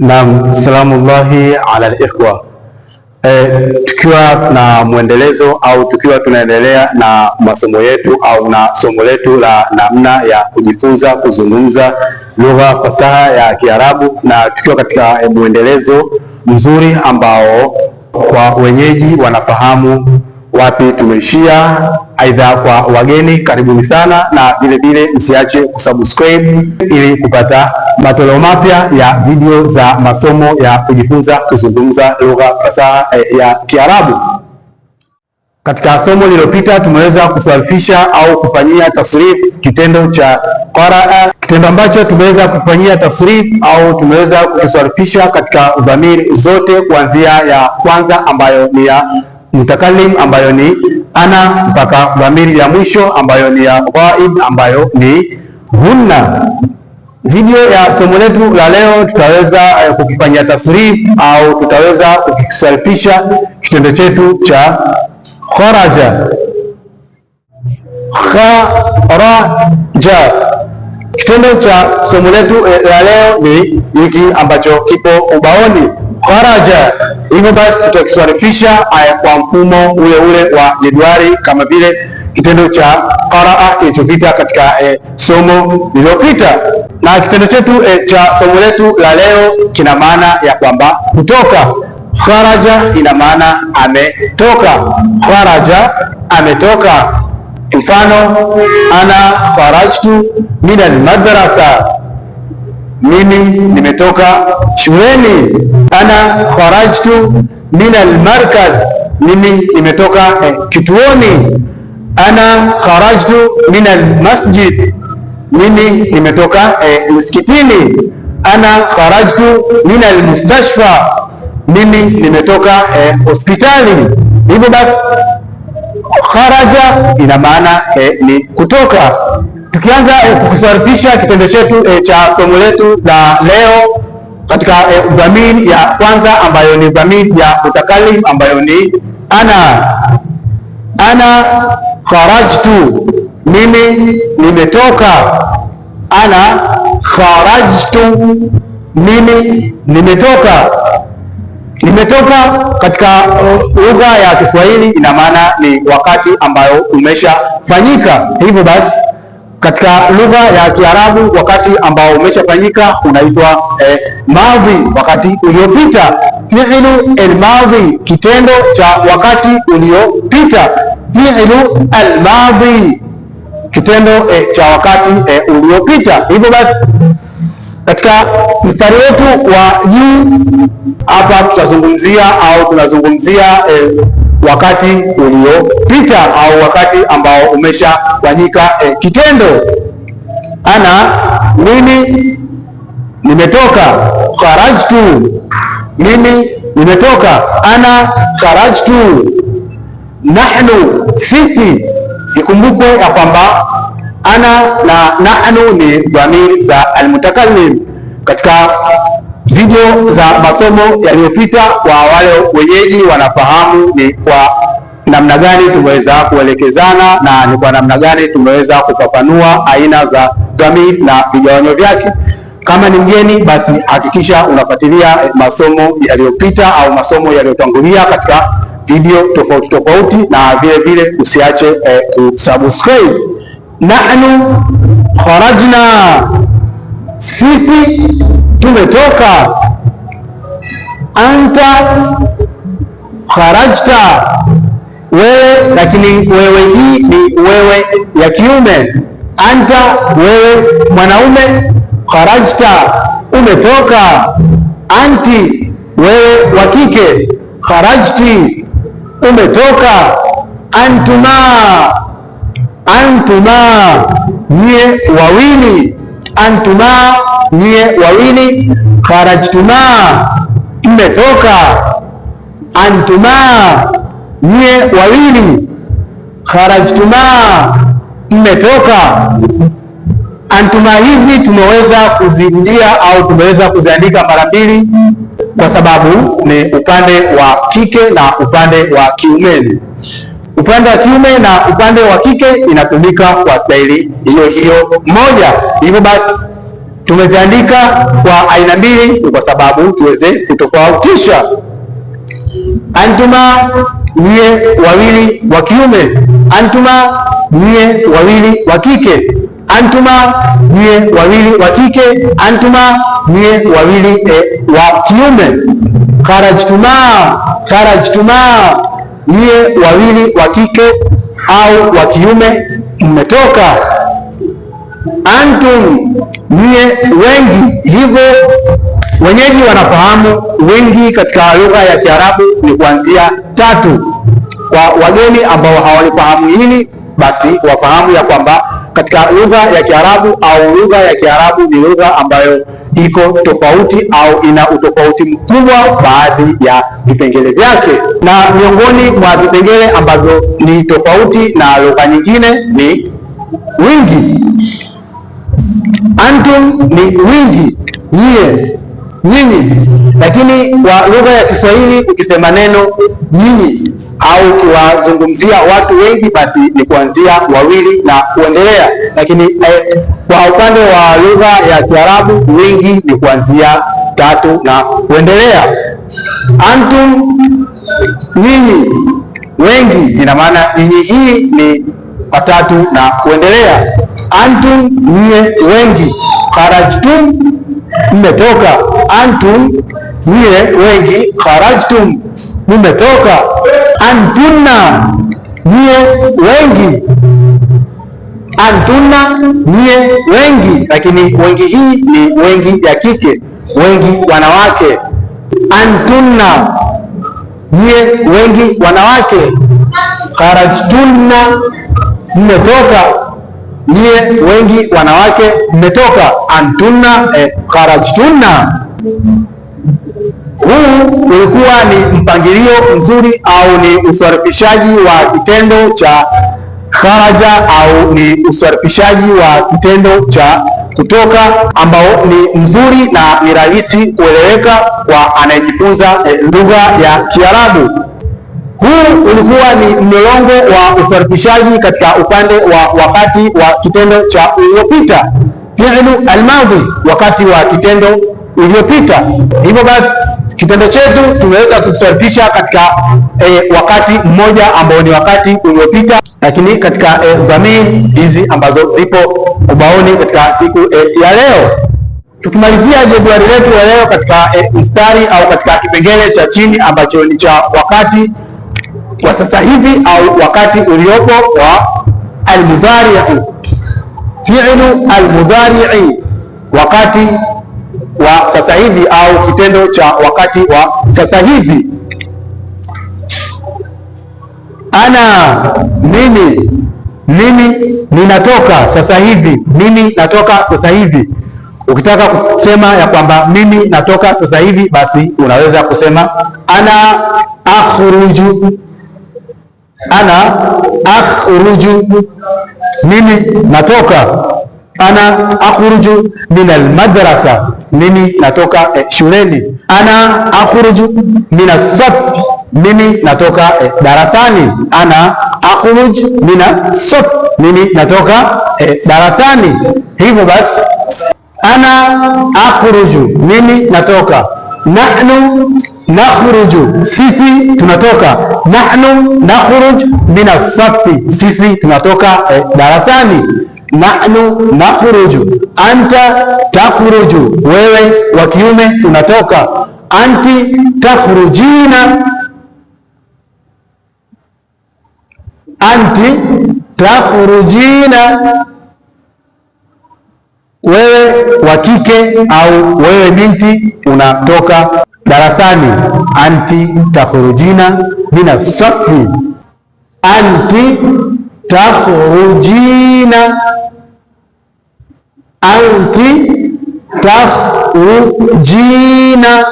Naam, salamullahi ala alikhwa. E, tukiwa na mwendelezo au tukiwa tunaendelea na masomo yetu au na somo letu la namna ya kujifunza kuzungumza lugha fasaha ya Kiarabu, na tukiwa katika mwendelezo mzuri ambao kwa wenyeji wanafahamu wapi tumeishia, aidha kwa wageni, karibuni sana, na vilevile msiache kusubscribe ili kupata matoleo mapya ya video za masomo ya kujifunza kuzungumza lugha fasaha eh, ya Kiarabu. Katika somo lililopita tumeweza kusarifisha au kufanyia tasrif kitendo cha qaraa, eh, kitendo ambacho tumeweza kufanyia tasrif au tumeweza kusarifisha katika dhamiri zote kuanzia ya kwanza ambayo ni ya mutakalim ambayo ni ana mpaka dhamiri ya mwisho ambayo ni ya ghaib ambayo ni hunna. Video ya somo letu la leo tutaweza eh, kukifanyia tasrif au tutaweza kukisarifisha kitendo chetu cha kharaja. Kharaja, kitendo cha somo letu eh, la leo ni hiki ambacho kipo ubaoni faraja. Hivyo basi tutakisarifisha aya kwa mfumo ule ule wa jedwali kama vile kitendo cha qaraa kilichopita katika e, somo lililopita, na kitendo chetu e, cha somo letu la leo kina maana ya kwamba kutoka. Kharaja ina maana ametoka, kharaja ametoka. Mfano, ana farajtu min madrasa mimi nimetoka shuleni. Ana kharajtu min almarkaz, mimi nimetoka eh, kituoni. Ana kharajtu min almasjid, mimi nimetoka eh, msikitini. Ana kharajtu min almustashfa, mimi nimetoka eh, hospitali. Eh, hivyo basi kharaja ina maana eh, ni kutoka Tukianza eh, kukiarifisha kitendo chetu e, cha somo letu la leo katika e, eh, dhamiri ya kwanza ambayo ni dhamiri ya mutakalim ambayo ni ana. Ana kharajtu, mimi nimetoka. Ana kharajtu, mimi nimetoka. Nimetoka katika lugha ya Kiswahili ina maana ni wakati ambayo umeshafanyika. Hivyo basi katika lugha ya Kiarabu wakati ambao umeshafanyika unaitwa eh, madhi, wakati uliopita. Fi'lu almadhi, kitendo cha wakati uliopita. Fi'lu almadhi, kitendo eh, cha wakati eh, uliopita. Hivyo basi katika mstari wetu wa juu hapa tutazungumzia au tunazungumzia eh, wakati uliopita au wakati ambao umesha kufanyika eh, kitendo. Ana mimi nimetoka, kharajtu mimi nimetoka, ana kharajtu, nahnu sisi. Ikumbukwe ya kwamba ana na nahnu ni dhamiri za almutakallim. Katika video za masomo yaliyopita, kwa wale wenyeji wanafahamu ni kwa namna gani tumeweza kuelekezana na ni kwa namna gani tumeweza kufafanua aina za jamii na vigawanyo vyake. Kama ni mgeni basi hakikisha unafuatilia masomo yaliyopita au masomo yaliyotangulia katika video tofauti tofauti, na vile vile usiache eh, kusubscribe. Nahnu kharajna, sisi tumetoka. Anta kharajta wewe, lakini wewe hii ni wewe ya kiume. Anta wewe mwanaume, kharajta umetoka. Anti wewe wa kike, kharajti umetoka. Antuma antuma nyie wawili, antuma nyie wawili, kharajtuma mmetoka. Antuma nyie wawili, kharajtuma, mmetoka. Antuma hizi tumeweza kuzirudia au tumeweza kuziandika mara mbili kwa sababu ni upande wa kike na upande wa kiume. Upande wa kiume na upande wa kike inatumika kwa staili hiyo hiyo moja. Hivyo basi tumeziandika kwa aina mbili kwa sababu tuweze kutofautisha antuma nyie wawili wa kiume, antuma nyie wawili wa kike, antuma nyie wawili wa kike, antuma nyie wawili e, wa kiume. Kharajtuma, kharajtuma, nyie wawili wa kike au wa kiume mmetoka. Antum, nyie wengi, hivyo Wenyeji wanafahamu wingi katika lugha ya Kiarabu ni kuanzia tatu. Kwa wageni ambao hawalifahamu hili, basi wafahamu ya kwamba katika lugha ya Kiarabu au lugha ya Kiarabu ni lugha ambayo iko tofauti au ina utofauti mkubwa baadhi ya vipengele vyake, na miongoni mwa vipengele ambavyo ni tofauti na lugha nyingine ni wingi. Antum ni wingi, nyie nyinyi, lakini kwa lugha ya Kiswahili ukisema neno nyinyi au ukiwazungumzia watu wengi, basi ni kuanzia wawili na kuendelea, lakini eh, kwa upande wa lugha ya Kiarabu wingi ni kuanzia tatu na kuendelea. Antum, nyinyi, wengi, ina maana nyinyi hii ni watatu na kuendelea. Antum, nyie, wengi. Kharajtum, mmetoka antum, nyie wengi, kharajtum, mumetoka, antunna, nyie wengi, antunna, nyie wengi. Lakini wengi hii ni wengi ya kike, wengi wanawake. Antunna, nyie wengi wanawake, kharajtunna, mmetoka nyie wengi wanawake mmetoka. Antunna eh, kharajtunna huu ulikuwa ni mpangilio mzuri au ni uswarifishaji wa kitendo cha kharaja au ni uswarifishaji wa kitendo cha kutoka ambao ni mzuri na ni rahisi kueleweka kwa anayejifunza eh, lugha ya Kiarabu. Huu ulikuwa ni mlolongo wa usarifishaji katika upande wa wakati wa kitendo cha uliopita, fi'lu almadhi, wakati wa kitendo iliyopita. Hivyo basi kitendo chetu tumeweza kutofautisha katika e, wakati mmoja ambao ni wakati uliopita, lakini katika e, eh, dhamini hizi ambazo zipo ubaoni katika siku e, ya leo tukimalizia jedwali letu ya leo katika e, mstari au katika kipengele cha chini ambacho ni cha wakati wa sasa hivi au wakati uliopo wa almudhari'u, fi'lu almudhari'i, wakati wa sasa hivi au kitendo cha wakati wa sasa hivi. Ana mimi, mimi ninatoka sasa hivi, mimi natoka sasa hivi. Ukitaka kusema ya kwamba mimi natoka sasa hivi, basi unaweza kusema ana akhruju, ana akhruju, mimi natoka ana akhruju min almadrasa, mimi natoka eh, shuleni. Ana akhruju min as mimi natoka eh, darasani. Ana akhruju min as mimi natoka eh, darasani. Hivyo basi, ana akhruju, mimi natoka. Nahnu nakhruju, sisi tunatoka. Nahnu nakhruju min as sisi tunatoka eh, darasani nahnu nakhruju, anta takhruju, wewe wa kiume unatoka, anti takhrujina, anti takhrujina, wewe wa kike au wewe binti unatoka darasani. Anti takhrujina mina safi, anti takhrujina anti takhrujina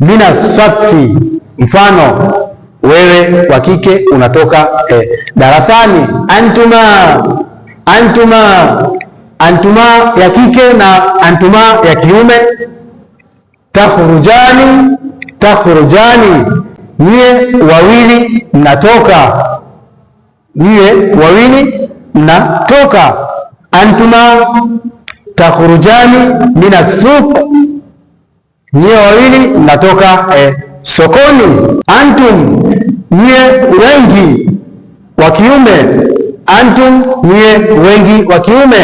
mina safi, mfano wewe wa kike unatoka eh, darasani. Antuma, antuma, antuma ya kike na antuma ya kiume. Takhrujani, tahrujani nyie wawili mnatoka, nyie wawili mnatoka. Antuma takhurujani mina suq, nyie wawili mnatoka eh, sokoni. Antum, nyie wengi wa kiume. Antum, nyie wengi wa kiume.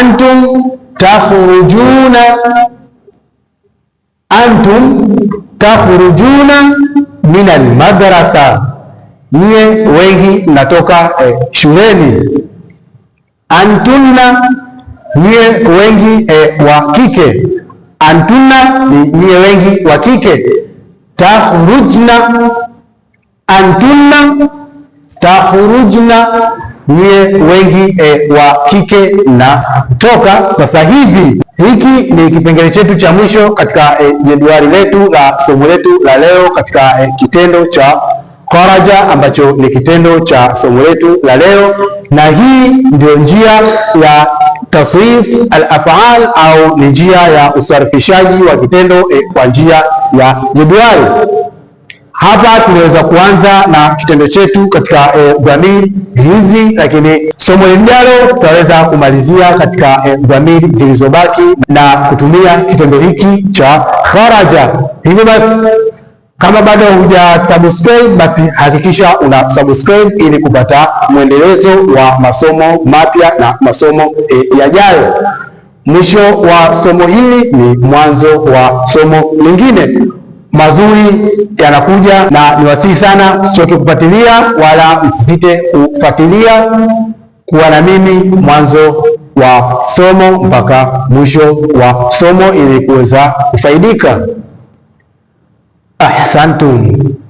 Antum takhurujuna, antum takhurujuna mina almadrasa, nyie wengi mnatoka eh, shuleni. Antunna nyie wengi e, wa kike antuna ni nyie wengi wa kike tahurujna antuna tahurujna nyie wengi e, wa kike na toka. Sasa hivi hiki ni kipengele chetu cha mwisho katika e, jedwali letu la somo letu la leo katika e, kitendo cha kharaja ambacho ni kitendo cha somo letu la leo na hii ndio njia ya tasrif al-af'al au ni njia ya usarifishaji wa kitendo e, kwa njia ya jedwali. Hapa tunaweza kuanza na kitendo chetu katika e, dhamiri hizi, lakini somo lijalo tutaweza kumalizia katika e, dhamiri zilizobaki na kutumia kitendo hiki cha kharaja. Hivyo basi kama bado huja subscribe, basi hakikisha una subscribe ili kupata mwendelezo wa masomo mapya na masomo e, yajayo. Mwisho wa somo hili ni mwanzo wa somo lingine. Mazuri yanakuja, na niwasihi sana msichoke kufuatilia wala msisite kufuatilia kuwa na mimi mwanzo wa somo mpaka mwisho wa somo ili kuweza kufaidika. أحسنتم